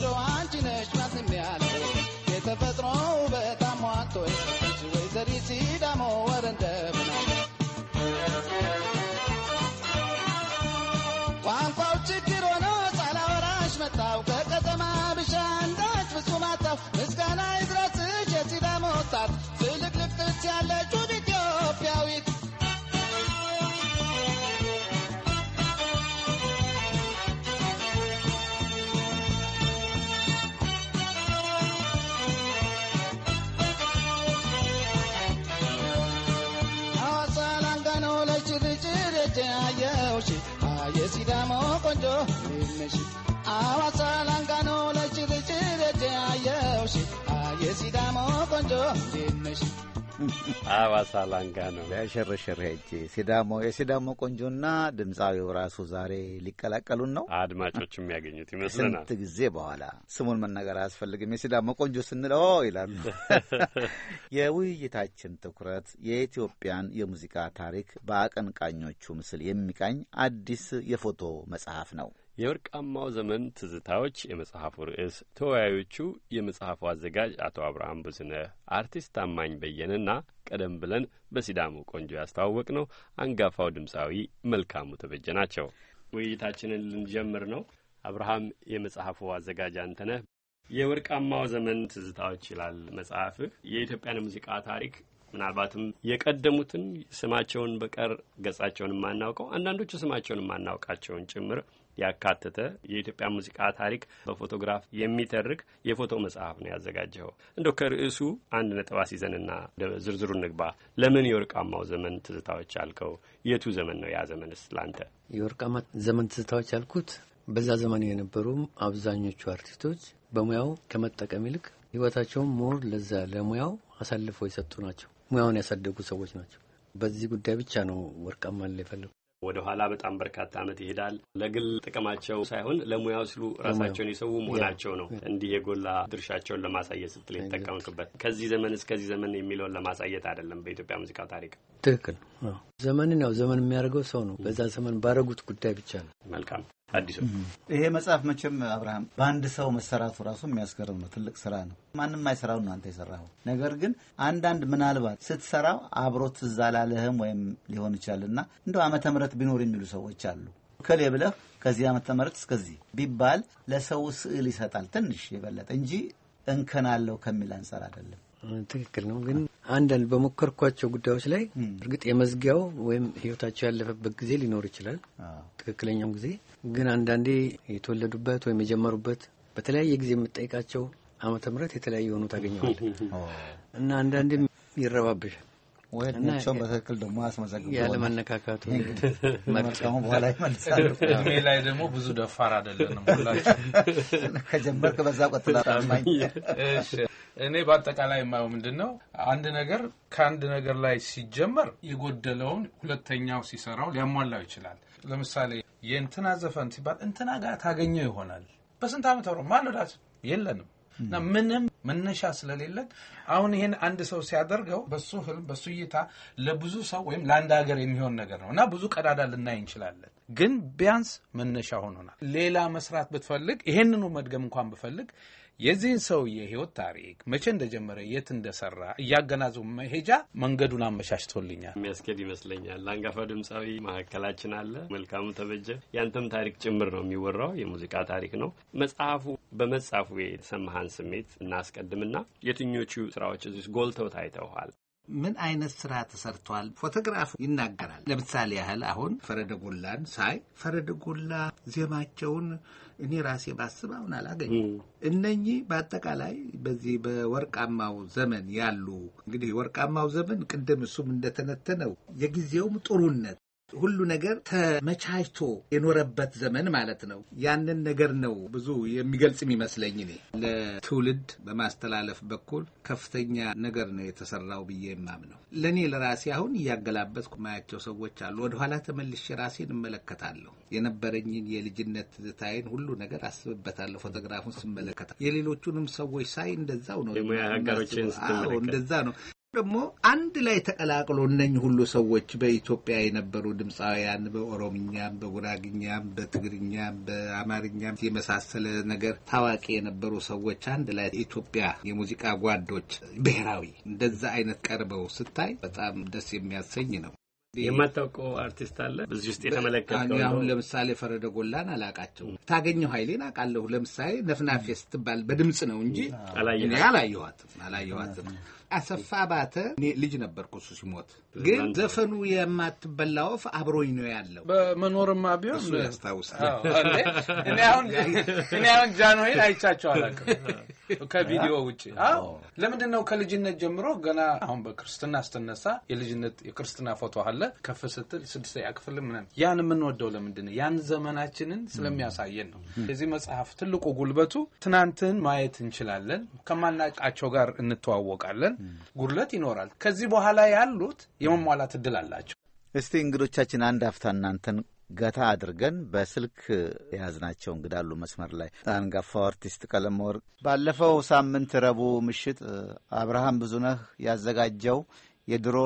no I. ቆንጆ አባሳ ላንጋ ነው ያሸረሸር ሄጄ ሲዳሞ የሲዳሞ ቆንጆና ድምፃዊው ራሱ ዛሬ ሊቀላቀሉን ነው። አድማጮች የሚያገኙት ይመስልና ስንት ጊዜ በኋላ ስሙን መናገር አያስፈልግም። የሲዳሞ ቆንጆ ስንለው ይላሉ። የውይይታችን ትኩረት የኢትዮጵያን የሙዚቃ ታሪክ በአቀንቃኞቹ ምስል የሚቃኝ አዲስ የፎቶ መጽሐፍ ነው። የወርቃማው ዘመን ትዝታዎች የመጽሐፉ ርዕስ፣ ተወያዮቹ የመጽሐፉ አዘጋጅ አቶ አብርሃም ብዝነህ አርቲስት ታማኝ በየነና ቀደም ብለን በሲዳሙ ቆንጆ ያስተዋወቅ ነው አንጋፋው ድምፃዊ መልካሙ ተበጀ ናቸው። ውይይታችንን ልንጀምር ነው። አብርሃም፣ የመጽሐፉ አዘጋጅ አንተነህ የወርቃማው ዘመን ትዝታዎች ይላል መጽሐፍህ። የኢትዮጵያን ሙዚቃ ታሪክ ምናልባትም የቀደሙትን ስማቸውን በቀር ገጻቸውን የማናውቀው አንዳንዶቹ ስማቸውን የማናውቃቸውን ጭምር ያካተተ የኢትዮጵያ ሙዚቃ ታሪክ በፎቶግራፍ የሚተርክ የፎቶ መጽሐፍ ነው ያዘጋጀኸው። እንደ ከርዕሱ አንድ ነጥብ አስይዘንና ዝርዝሩ ንግባ። ለምን የወርቃማው ዘመን ትዝታዎች አልከው? የቱ ዘመን ነው ያ ዘመንስ ላንተ? የወርቃማ ዘመን ትዝታዎች አልኩት በዛ ዘመን የነበሩ አብዛኞቹ አርቲስቶች በሙያው ከመጠቀም ይልቅ ህይወታቸውን ሞር ለዛ ለሙያው አሳልፈው የሰጡ ናቸው። ሙያውን ያሳደጉ ሰዎች ናቸው። በዚህ ጉዳይ ብቻ ነው ወርቃማ ላይ ፈለጉ። ወደ ኋላ በጣም በርካታ ዓመት ይሄዳል። ለግል ጥቅማቸው ሳይሆን ለሙያው ሲሉ ራሳቸውን የሰው መሆናቸው ነው። እንዲህ የጎላ ድርሻቸውን ለማሳየት ስትል የተጠቀምክበት ከዚህ ዘመን እስከዚህ ዘመን የሚለውን ለማሳየት አይደለም። በኢትዮጵያ ሙዚቃ ታሪክ ትክክል ዘመንን ያው ዘመን የሚያደርገው ሰው ነው። በዛ ዘመን ባረጉት ጉዳይ ብቻ ነው። መልካም አዲሱ ይሄ መጽሐፍ መቼም አብርሃም በአንድ ሰው መሰራቱ ራሱ የሚያስገርም ነው። ትልቅ ስራ ነው። ማንም አይሰራው ነው አንተ የሰራው ነገር ግን አንዳንድ ምናልባት ስትሰራው አብሮ ትዝ አላለህም ወይም ሊሆን ይችላልና እንደው ዓመተ ምሕረት ቢኖር የሚሉ ሰዎች አሉ። ከሌ ብለህ ከዚህ ዓመተ ምሕረት እስከዚህ ቢባል ለሰው ስዕል ይሰጣል ትንሽ የበለጠ እንጂ እንከናለው ከሚል አንጻር አይደለም። ትክክል ነው። ግን አንዳንድ በሞከርኳቸው ጉዳዮች ላይ እርግጥ የመዝጊያው ወይም ህይወታቸው ያለፈበት ጊዜ ሊኖር ይችላል፣ ትክክለኛው ጊዜ ግን አንዳንዴ የተወለዱበት ወይም የጀመሩበት በተለያየ ጊዜ የምጠይቃቸው አመተ ምህረት የተለያየ ሆኖ ታገኘዋል እና አንዳንዴም ይረባብሻል ወይቸውን በትክክል ደግሞ አስመዘግብ ያለመነካካቱ መርጫሁን በኋላ ይመልሳሉ። እድሜ ላይ ደግሞ ብዙ ደፋር አይደለንም ሁላችሁ ከጀመርክ በዛ ቆጥላ ታማኝ እኔ በአጠቃላይ የማየው ምንድን ነው አንድ ነገር ከአንድ ነገር ላይ ሲጀመር የጎደለውን ሁለተኛው ሲሰራው ሊያሟላው ይችላል። ለምሳሌ የእንትና ዘፈን ሲባል እንትና ጋር ታገኘው ይሆናል። በስንት ዓመት አብሮ ማንዳት የለንም እና ምንም መነሻ ስለሌለን አሁን ይህን አንድ ሰው ሲያደርገው በሱ ህልም በሱ እይታ ለብዙ ሰው ወይም ለአንድ ሀገር የሚሆን ነገር ነው እና ብዙ ቀዳዳ ልናይ እንችላለን። ግን ቢያንስ መነሻ ሆኖናል። ሌላ መስራት ብትፈልግ ይሄንኑ መድገም እንኳን ብፈልግ የዚህን ሰውዬ ህይወት ታሪክ መቼ እንደጀመረ የት እንደሰራ እያገናዙ መሄጃ መንገዱን አመቻችቶልኛል። የሚያስኬድ ይመስለኛል። ለአንጋፋ ድምፃዊ መካከላችን አለ መልካሙ ተበጀ ያንተም ታሪክ ጭምር ነው የሚወራው፣ የሙዚቃ ታሪክ ነው። መጽሐፉ በመጻፉ የተሰማህን ስሜት እናስቀድምና የትኞቹ ስራዎች እዚህ ጎልተው ታይተውኋል? ምን አይነት ስራ ተሰርቷል? ፎቶግራፉ ይናገራል። ለምሳሌ ያህል አሁን ፈረደ ጎላን ሳይ ፈረደ ጎላ ዜማቸውን እኔ ራሴ ባስብ አሁን አላገኝ። እነኚህ በአጠቃላይ በዚህ በወርቃማው ዘመን ያሉ እንግዲህ ወርቃማው ዘመን ቅድም እሱም እንደተነተነው የጊዜውም ጥሩነት ሁሉ ነገር ተመቻችቶ የኖረበት ዘመን ማለት ነው። ያንን ነገር ነው ብዙ የሚገልጽ የሚመስለኝ እኔ ለትውልድ በማስተላለፍ በኩል ከፍተኛ ነገር ነው የተሰራው ብዬ የማምነው። ለእኔ ለራሴ አሁን እያገላበጥኩ ማያቸው ሰዎች አሉ። ወደኋላ ተመልሼ ራሴን እመለከታለሁ። የነበረኝን የልጅነት ትዝታዬን ሁሉ ነገር አስብበታለሁ። ፎቶግራፉን ስመለከታ የሌሎቹንም ሰዎች ሳይ እንደዛው ነው። እንደዛ ነው። ደግሞ አንድ ላይ ተቀላቅሎ እነኝ ሁሉ ሰዎች በኢትዮጵያ የነበሩ ድምፃውያን በኦሮምኛም፣ በጉራግኛም፣ በትግርኛም፣ በአማርኛም የመሳሰለ ነገር ታዋቂ የነበሩ ሰዎች አንድ ላይ ኢትዮጵያ የሙዚቃ ጓዶች ብሔራዊ እንደዛ አይነት ቀርበው ስታይ በጣም ደስ የሚያሰኝ ነው። የማታውቀው አርቲስት አለ በዚህ ውስጥ የተመለከተው? አሁን ለምሳሌ ፈረደ ጎላን አላቃቸው። ታገኘው ኃይሌን አውቃለሁ። ለምሳሌ ነፍናፌ ስትባል በድምፅ ነው እንጂ አላየኋትም አላየኋትም። አሰፋ ባተ እኔ ልጅ ነበርኩ እሱ ሲሞት፣ ግን ዘፈኑ የማትበላ ወፍ አብሮኝ ነው ያለው። በመኖርማ ቢሆን እሱ ያስታውሳል። እኔ አሁን ጃንሆይን አይቻቸው አላውቅም ከቪዲዮ ውጭ። ለምንድን ነው ከልጅነት ጀምሮ ገና አሁን በክርስትና ስትነሳ የልጅነት የክርስትና ፎቶ አለ ከፍ ስትል ስድስት ያክፍል ምናምን ያን የምንወደው ለምንድን ነው? ያን ዘመናችንን ስለሚያሳየን ነው። የዚህ መጽሐፍ ትልቁ ጉልበቱ ትናንትን ማየት እንችላለን፣ ከማናቃቸው ጋር እንተዋወቃለን። ጉድለት ይኖራል። ከዚህ በኋላ ያሉት የመሟላት እድል አላቸው። እስቲ እንግዶቻችን አንድ አፍታ እናንተን ገታ አድርገን በስልክ የያዝናቸው እንግዳሉ መስመር ላይ አንጋፋው አርቲስት ቀለም ወርቅ ባለፈው ሳምንት ረቡዕ ምሽት አብርሃም ብዙነህ ያዘጋጀው የድሮ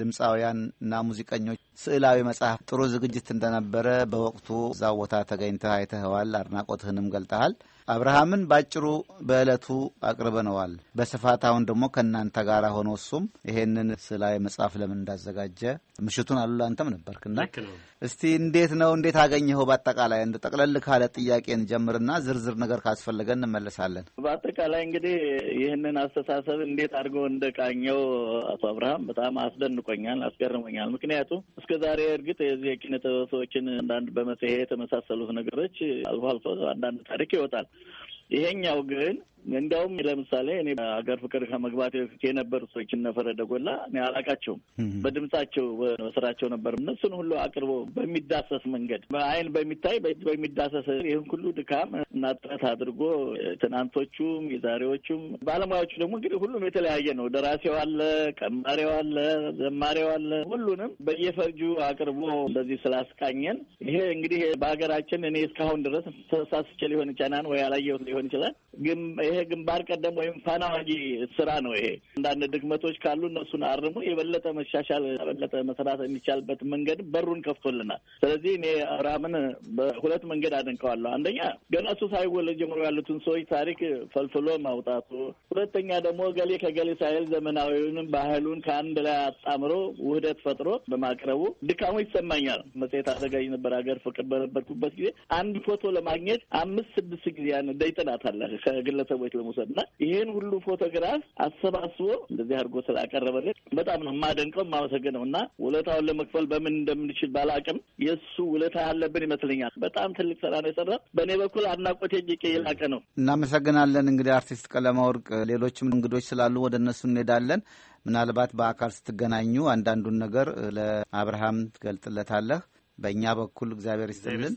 ድምፃውያን እና ሙዚቀኞች ስዕላዊ መጽሐፍ ጥሩ ዝግጅት እንደነበረ በወቅቱ እዛ ቦታ ተገኝተህ አይተኸዋል። አድናቆትህንም ገልጠሃል። አብርሃምን ባጭሩ በዕለቱ አቅርበነዋል። በስፋት አሁን ደግሞ ከእናንተ ጋር ሆኖ እሱም ይሄንን ስላይ መጽሐፍ ለምን እንዳዘጋጀ ምሽቱን አሉ ለአንተም ነበርክና እስቲ እንዴት ነው እንዴት አገኘኸው? በአጠቃላይ እንደ ጠቅለል ካለ ጥያቄን ጀምርና ዝርዝር ነገር ካስፈለገ እንመለሳለን። በአጠቃላይ እንግዲህ ይህንን አስተሳሰብ እንዴት አድርጎ እንደቃኘው አቶ አብርሃም በጣም አስደንቆኛል፣ አስገርሞኛል። ምክንያቱም እስከ ዛሬ እርግጥ የዚህ የኪነ ጥበብ ሰዎችን አንዳንድ በመጽሔት የተመሳሰሉት ነገሮች አልፎ አልፎ አንዳንድ ታሪክ ይወጣል። ይሄኛው ግን እንዲያውም ለምሳሌ እኔ ሀገር ፍቅር ከመግባት በፊት የነበሩ ሰዎች እነ ፈረደ ጎላ እኔ አላቃቸውም። በድምጻቸው በስራቸው ነበር። እነሱን ሁሉ አቅርቦ በሚዳሰስ መንገድ በአይን በሚታይ በሚዳሰስ ይህን ሁሉ ድካም እና ጥረት አድርጎ ትናንቶቹም የዛሬዎቹም ባለሙያዎቹ ደግሞ እንግዲህ ሁሉም የተለያየ ነው። ደራሲው አለ፣ ቀማሪው አለ፣ ዘማሪው አለ። ሁሉንም በየፈርጁ አቅርቦ እንደዚህ ስላስቃኘን ይሄ እንግዲህ በሀገራችን እኔ እስካሁን ድረስ ተሳስቼ ሊሆን ይቻላል ወይ አላየሁት ሊሆን ይችላል ግን ይሄ ግንባር ቀደም ወይም ፋና ስራ ነው። ይሄ አንዳንድ ድክመቶች ካሉ እነሱን አርሙ፣ የበለጠ መሻሻል፣ የበለጠ መሰራት የሚቻልበት መንገድ በሩን ከፍቶልናል። ስለዚህ እኔ አብርሃምን በሁለት መንገድ አደንቀዋለሁ። አንደኛ ገና እሱ ሳይወለድ ጀምሮ ያሉትን ሰዎች ታሪክ ፈልፍሎ ማውጣቱ፣ ሁለተኛ ደግሞ ገሌ ከገሌ ሳይል ዘመናዊውንም ባህሉን ከአንድ ላይ አጣምሮ ውህደት ፈጥሮ በማቅረቡ ድካሙ ይሰማኛል። መጽሔት አዘጋጅ ነበር ሀገር ፍቅር በነበርኩበት ጊዜ አንድ ፎቶ ለማግኘት አምስት ስድስት ጊዜ ያን ደይጥናት አለ ከግለሰቡ ቤት ለመውሰድ እና ይሄን ሁሉ ፎቶግራፍ አሰባስቦ እንደዚህ አድርጎ ስላቀረበልን በጣም ነው የማደንቀው የማመሰግነው እና ውለታውን ለመክፈል በምን እንደምንችል ባላቅም የእሱ ውለታ ያለብን ይመስለኛል። በጣም ትልቅ ስራ ነው የሰራ። በእኔ በኩል አድናቆቴ እጅግ የላቀ ነው። እናመሰግናለን። እንግዲህ አርቲስት ቀለማወርቅ ሌሎችም እንግዶች ስላሉ ወደ እነሱ እንሄዳለን። ምናልባት በአካል ስትገናኙ አንዳንዱን ነገር ለአብርሃም ትገልጥለታለህ። በእኛ በኩል እግዚአብሔር ይስጥልን።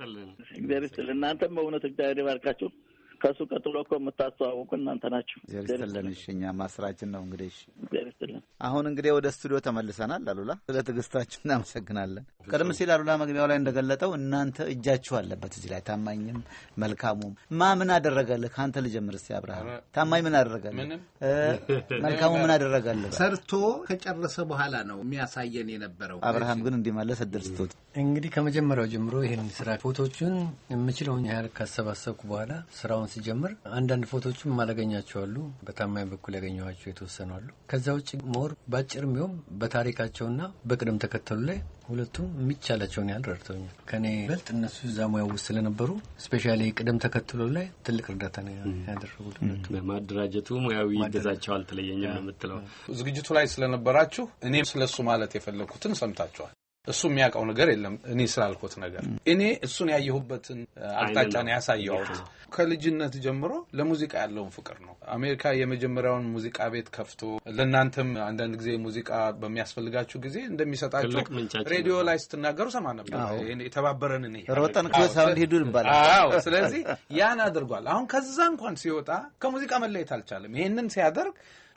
እግዚአብሔር ይስጥልን። እናንተም በእውነት እግዚአብሔር ይባርካችሁ። ከእሱ ቀጥሎ እኮ የምታስተዋውቁ እናንተ ናቸው። እግዚአብሔር እኛ ማስራችን ነው እንግዲህ። እሺ አሁን እንግዲህ ወደ ስቱዲዮ ተመልሰናል። አሉላ ስለ ትዕግስታችሁ እናመሰግናለን። ቀደም ሲል አሉላ መግቢያው ላይ እንደገለጠው እናንተ እጃችሁ አለበት እዚህ ላይ ታማኝም መልካሙም። ማ ምን አደረገልህ? ከአንተ ልጀምር እስኪ አብርሃም። ታማኝ ምን አደረገልህ? መልካሙ ምን አደረገልህ? ሰርቶ ከጨረሰ በኋላ ነው የሚያሳየን የነበረው። አብርሃም ግን እንዲመለስ እድል ስቶት እንግዲህ ከመጀመሪያው ጀምሮ ይህን ስራ ፎቶችን የምችለውን ያህል ካሰባሰብኩ በኋላ ስራውን ሲጀምር አንዳንድ ፎቶቹን ማላገኛቸው አሉ። በታማኝ በኩል ያገኘኋቸው የተወሰኑ አሉ። ከዛ ውጭ ሞር በአጭር ሚሆን በታሪካቸውና በቅደም ተከተሉ ላይ ሁለቱም የሚቻላቸውን ያህል ረድተውኛል። ከኔ በልጥ እነሱ እዛ ሙያ ውስጥ ስለነበሩ ስፔሻሊ ቅደም ተከትሎ ላይ ትልቅ እርዳታ ነው ያደረጉት። ሁለቱ በማደራጀቱ ሙያዊ ይገዛቸው አልተለየኝም የምትለው ዝግጅቱ ላይ ስለነበራችሁ እኔም ስለሱ ማለት የፈለግኩትን ሰምታችኋል። እሱ የሚያውቀው ነገር የለም። እኔ ስላልኩት ነገር እኔ እሱን ያየሁበትን ነው ያሳየሁት ከልጅነት ጀምሮ ለሙዚቃ ያለውን ፍቅር ነው። አሜሪካ የመጀመሪያውን ሙዚቃ ቤት ከፍቶ ለእናንተም አንዳንድ ጊዜ ሙዚቃ በሚያስፈልጋችሁ ጊዜ እንደሚሰጣችሁ ሬዲዮ ላይ ስትናገሩ ሰማ ነበር። የተባበረን እኔ ሮጠን ሳውንድ ሄዱ ይባላል። ስለዚህ ያን አድርጓል። አሁን ከዛ እንኳን ሲወጣ ከሙዚቃ መለየት አልቻለም። ይሄንን ሲያደርግ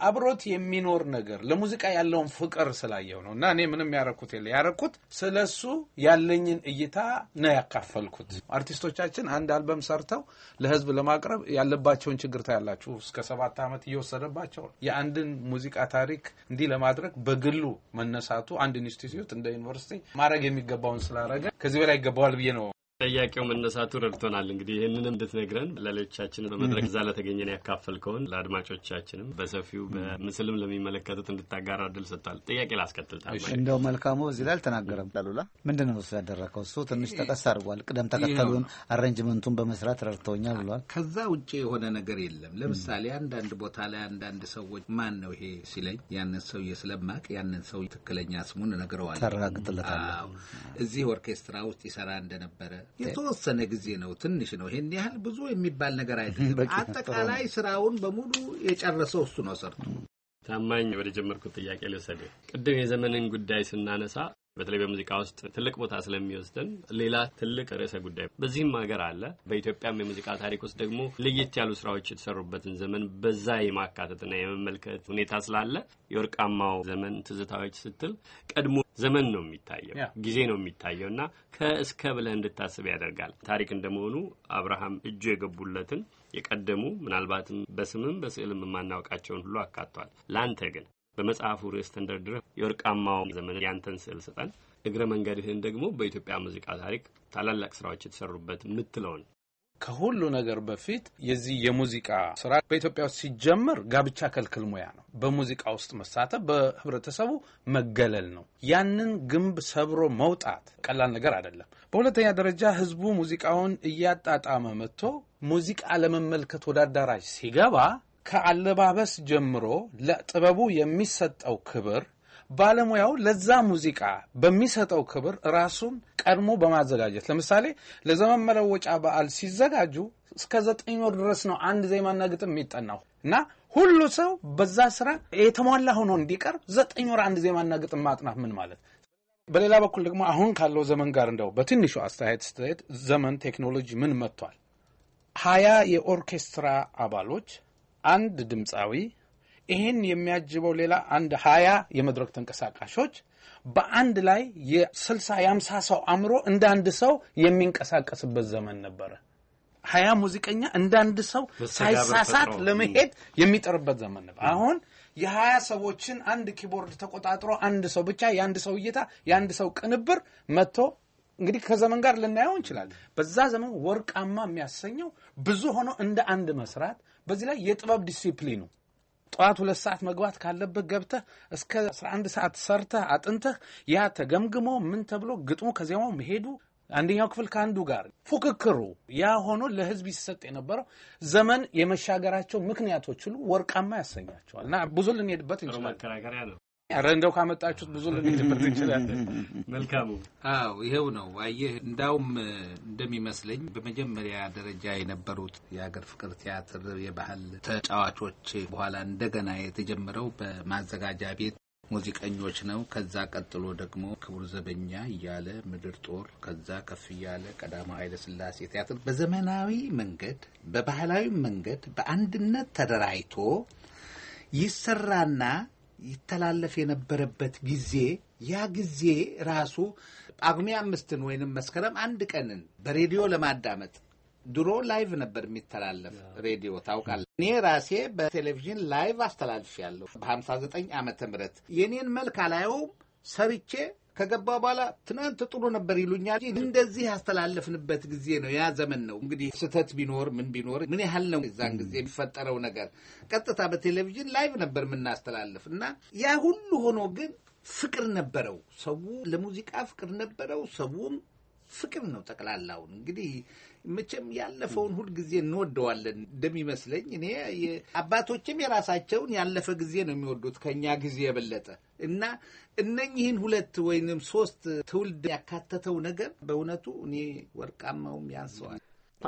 አብሮት የሚኖር ነገር ለሙዚቃ ያለውን ፍቅር ስላየው ነው እና እኔ ምንም ያረኩት የለ ያረኩት ስለ እሱ ያለኝን እይታ ነው ያካፈልኩት። አርቲስቶቻችን አንድ አልበም ሰርተው ለህዝብ ለማቅረብ ያለባቸውን ችግር ታያላችሁ። እስከ ሰባት ዓመት እየወሰደባቸው የአንድን ሙዚቃ ታሪክ እንዲህ ለማድረግ በግሉ መነሳቱ አንድ ኢንስቲትዩት እንደ ዩኒቨርሲቲ ማድረግ የሚገባውን ስላረገ ከዚህ በላይ ይገባዋል ብዬ ነው ጥያቄው መነሳቱ ረድቶናል። እንግዲህ ይህንን እንድትነግረን ለሌሎቻችን በመድረክ እዛ ለተገኘን ያካፈልከውን ለአድማጮቻችንም በሰፊው በምስልም ለሚመለከቱት እንድታጋራ እድል ሰጥቷል። ጥያቄ ላስከትል ታ እንደው መልካሙ እዚህ ላይ አልተናገረም። ላሉላ ምንድን ነው እሱ እሱ ትንሽ ጠቀስ አድርጓል። ቅደም ተከተሉን አሬንጅመንቱን በመስራት ረድተውኛል ብሏል። ከዛ ውጭ የሆነ ነገር የለም። ለምሳሌ አንዳንድ ቦታ ላይ አንዳንድ ሰዎች ማን ነው ይሄ ሲለኝ ያንን ሰውዬ ስለማቅ ያንን ሰው ትክክለኛ ስሙን ነግረዋል። ታረጋግጥለታለህ። እዚህ ኦርኬስትራ ውስጥ ይሰራ እንደነበረ የተወሰነ ጊዜ ነው፣ ትንሽ ነው። ይሄን ያህል ብዙ የሚባል ነገር አይደለም። አጠቃላይ ስራውን በሙሉ የጨረሰው እሱ ነው ሰርቶ ታማኝ ወደ ጀመርኩት ጥያቄ ልውሰድ። ቅድም የዘመንን ጉዳይ ስናነሳ በተለይ በሙዚቃ ውስጥ ትልቅ ቦታ ስለሚወስድን ሌላ ትልቅ ርዕሰ ጉዳይ በዚህም ሀገር አለ። በኢትዮጵያም የሙዚቃ ታሪክ ውስጥ ደግሞ ለየት ያሉ ስራዎች የተሰሩበትን ዘመን በዛ የማካተትና የመመልከት ሁኔታ ስላለ የወርቃማው ዘመን ትዝታዎች ስትል ቀድሞ ዘመን ነው የሚታየው፣ ጊዜ ነው የሚታየው እና ከእስከ ብለህ እንድታስብ ያደርጋል። ታሪክ እንደመሆኑ አብርሃም እጁ የገቡለትን የቀደሙ ምናልባትም በስምም በስዕልም የማናውቃቸውን ሁሉ አካቷል። ለአንተ ግን በመጽሐፉ ርዕስ ተንደርድረህ የወርቃማው ዘመን ያንተን ስዕል ስጠን፣ እግረ መንገድህን ደግሞ በኢትዮጵያ ሙዚቃ ታሪክ ታላላቅ ስራዎች የተሰሩበት የምትለውን ከሁሉ ነገር በፊት የዚህ የሙዚቃ ስራ በኢትዮጵያ ውስጥ ሲጀመር ጋብቻ ከልክል ሙያ ነው። በሙዚቃ ውስጥ መሳተፍ በህብረተሰቡ መገለል ነው። ያንን ግንብ ሰብሮ መውጣት ቀላል ነገር አይደለም። በሁለተኛ ደረጃ ህዝቡ ሙዚቃውን እያጣጣመ መጥቶ ሙዚቃ ለመመልከት ወደ አዳራሽ ሲገባ ከአለባበስ ጀምሮ ለጥበቡ የሚሰጠው ክብር ባለሙያው ለዛ ሙዚቃ በሚሰጠው ክብር ራሱን ቀድሞ በማዘጋጀት ለምሳሌ ለዘመን መለወጫ በዓል ሲዘጋጁ እስከ ዘጠኝ ወር ድረስ ነው አንድ ዜማና ግጥም የሚጠናው እና ሁሉ ሰው በዛ ስራ የተሟላ ሆኖ እንዲቀርብ ዘጠኝ ወር አንድ ዜማና ግጥም ማጥናት ምን ማለት። በሌላ በኩል ደግሞ አሁን ካለው ዘመን ጋር እንደው በትንሹ አስተያየት ስትሄድ ዘመን ቴክኖሎጂ ምን መጥቷል? ሀያ የኦርኬስትራ አባሎች አንድ ድምፃዊ ይህን የሚያጅበው ሌላ አንድ ሀያ የመድረክ ተንቀሳቃሾች በአንድ ላይ የስልሳ የአምሳ ሰው አእምሮ እንደ አንድ ሰው የሚንቀሳቀስበት ዘመን ነበረ። ሀያ ሙዚቀኛ እንደ አንድ ሰው ሳይሳሳት ለመሄድ የሚጠርበት ዘመን ነበር። አሁን የሀያ ሰዎችን አንድ ኪቦርድ ተቆጣጥሮ አንድ ሰው ብቻ የአንድ ሰው እይታ የአንድ ሰው ቅንብር መጥቶ እንግዲህ ከዘመን ጋር ልናየው እንችላለን። በዛ ዘመን ወርቃማ የሚያሰኘው ብዙ ሆኖ እንደ አንድ መስራት፣ በዚህ ላይ የጥበብ ዲሲፕሊኑ ጠዋት ሁለት ሰዓት መግባት ካለበት ገብተህ እስከ 11 ሰዓት ሰርተህ አጥንተህ ያ ተገምግሞ ምን ተብሎ ግጥሙ ከዜማው መሄዱ አንደኛው ክፍል ከአንዱ ጋር ፉክክሩ ያ ሆኖ ለህዝብ ይሰጥ የነበረው ዘመን የመሻገራቸው ምክንያቶች ሁሉ ወርቃማ ያሰኛቸዋል እና ብዙ ልንሄድበት እንችላለን። ረንደው ካመጣችሁት ብዙ ልንድብር እንችላለን። መልካሙ አዎ ይኸው ነው። አየህ እንዳውም እንደሚመስለኝ በመጀመሪያ ደረጃ የነበሩት የሀገር ፍቅር ቲያትር የባህል ተጫዋቾች በኋላ እንደገና የተጀመረው በማዘጋጃ ቤት ሙዚቀኞች ነው። ከዛ ቀጥሎ ደግሞ ክቡር ዘበኛ እያለ ምድር ጦር፣ ከዛ ከፍ እያለ ቀዳማዊ ኃይለ ሥላሴ ቲያትር በዘመናዊ መንገድ በባህላዊ መንገድ በአንድነት ተደራጅቶ ይሰራና ይተላለፍ የነበረበት ጊዜ ያ ጊዜ ራሱ ጳጉሜ አምስትን ወይንም መስከረም አንድ ቀንን በሬዲዮ ለማዳመጥ ድሮ ላይቭ ነበር የሚተላለፍ ሬዲዮ ታውቃለህ። እኔ ራሴ በቴሌቪዥን ላይቭ አስተላልፍ ያለሁ በ59 ዓመተ ምህረት የኔን መልክ አላየውም ሰርቼ ከገባ በኋላ ትናንት ጥሩ ነበር ይሉኛል። እንደዚህ ያስተላለፍንበት ጊዜ ነው፣ ያ ዘመን ነው። እንግዲህ ስህተት ቢኖር ምን ቢኖር ምን ያህል ነው እዛን ጊዜ የሚፈጠረው ነገር። ቀጥታ በቴሌቪዥን ላይቭ ነበር የምናስተላልፍ እና ያ ሁሉ ሆኖ ግን ፍቅር ነበረው። ሰው ለሙዚቃ ፍቅር ነበረው። ሰውም ፍቅር ነው ጠቅላላውን እንግዲህ መቼም ያለፈውን ሁልጊዜ እንወደዋለን እንደሚመስለኝ። እኔ አባቶችም የራሳቸውን ያለፈ ጊዜ ነው የሚወዱት ከእኛ ጊዜ የበለጠ እና እነኝህን ሁለት ወይንም ሶስት ትውልድ ያካተተው ነገር በእውነቱ እኔ ወርቃማውም ያንሰዋል።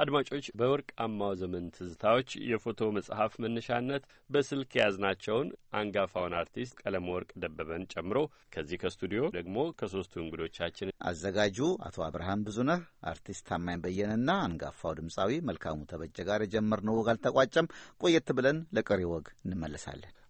አድማጮች በወርቃማው ዘመን ትዝታዎች የፎቶ መጽሐፍ መነሻነት በስልክ የያዝናቸውን አንጋፋውን አርቲስት ቀለም ወርቅ ደበበን ጨምሮ ከዚህ ከስቱዲዮ ደግሞ ከሶስቱ እንግዶቻችን አዘጋጁ አቶ አብርሃም ብዙነህ፣ አርቲስት ታማኝ በየነና አንጋፋው ድምፃዊ መልካሙ ተበጀ ጋር የጀመርነው ወግ አልተቋጨም። ቆየት ብለን ለቀሪ ወግ እንመለሳለን።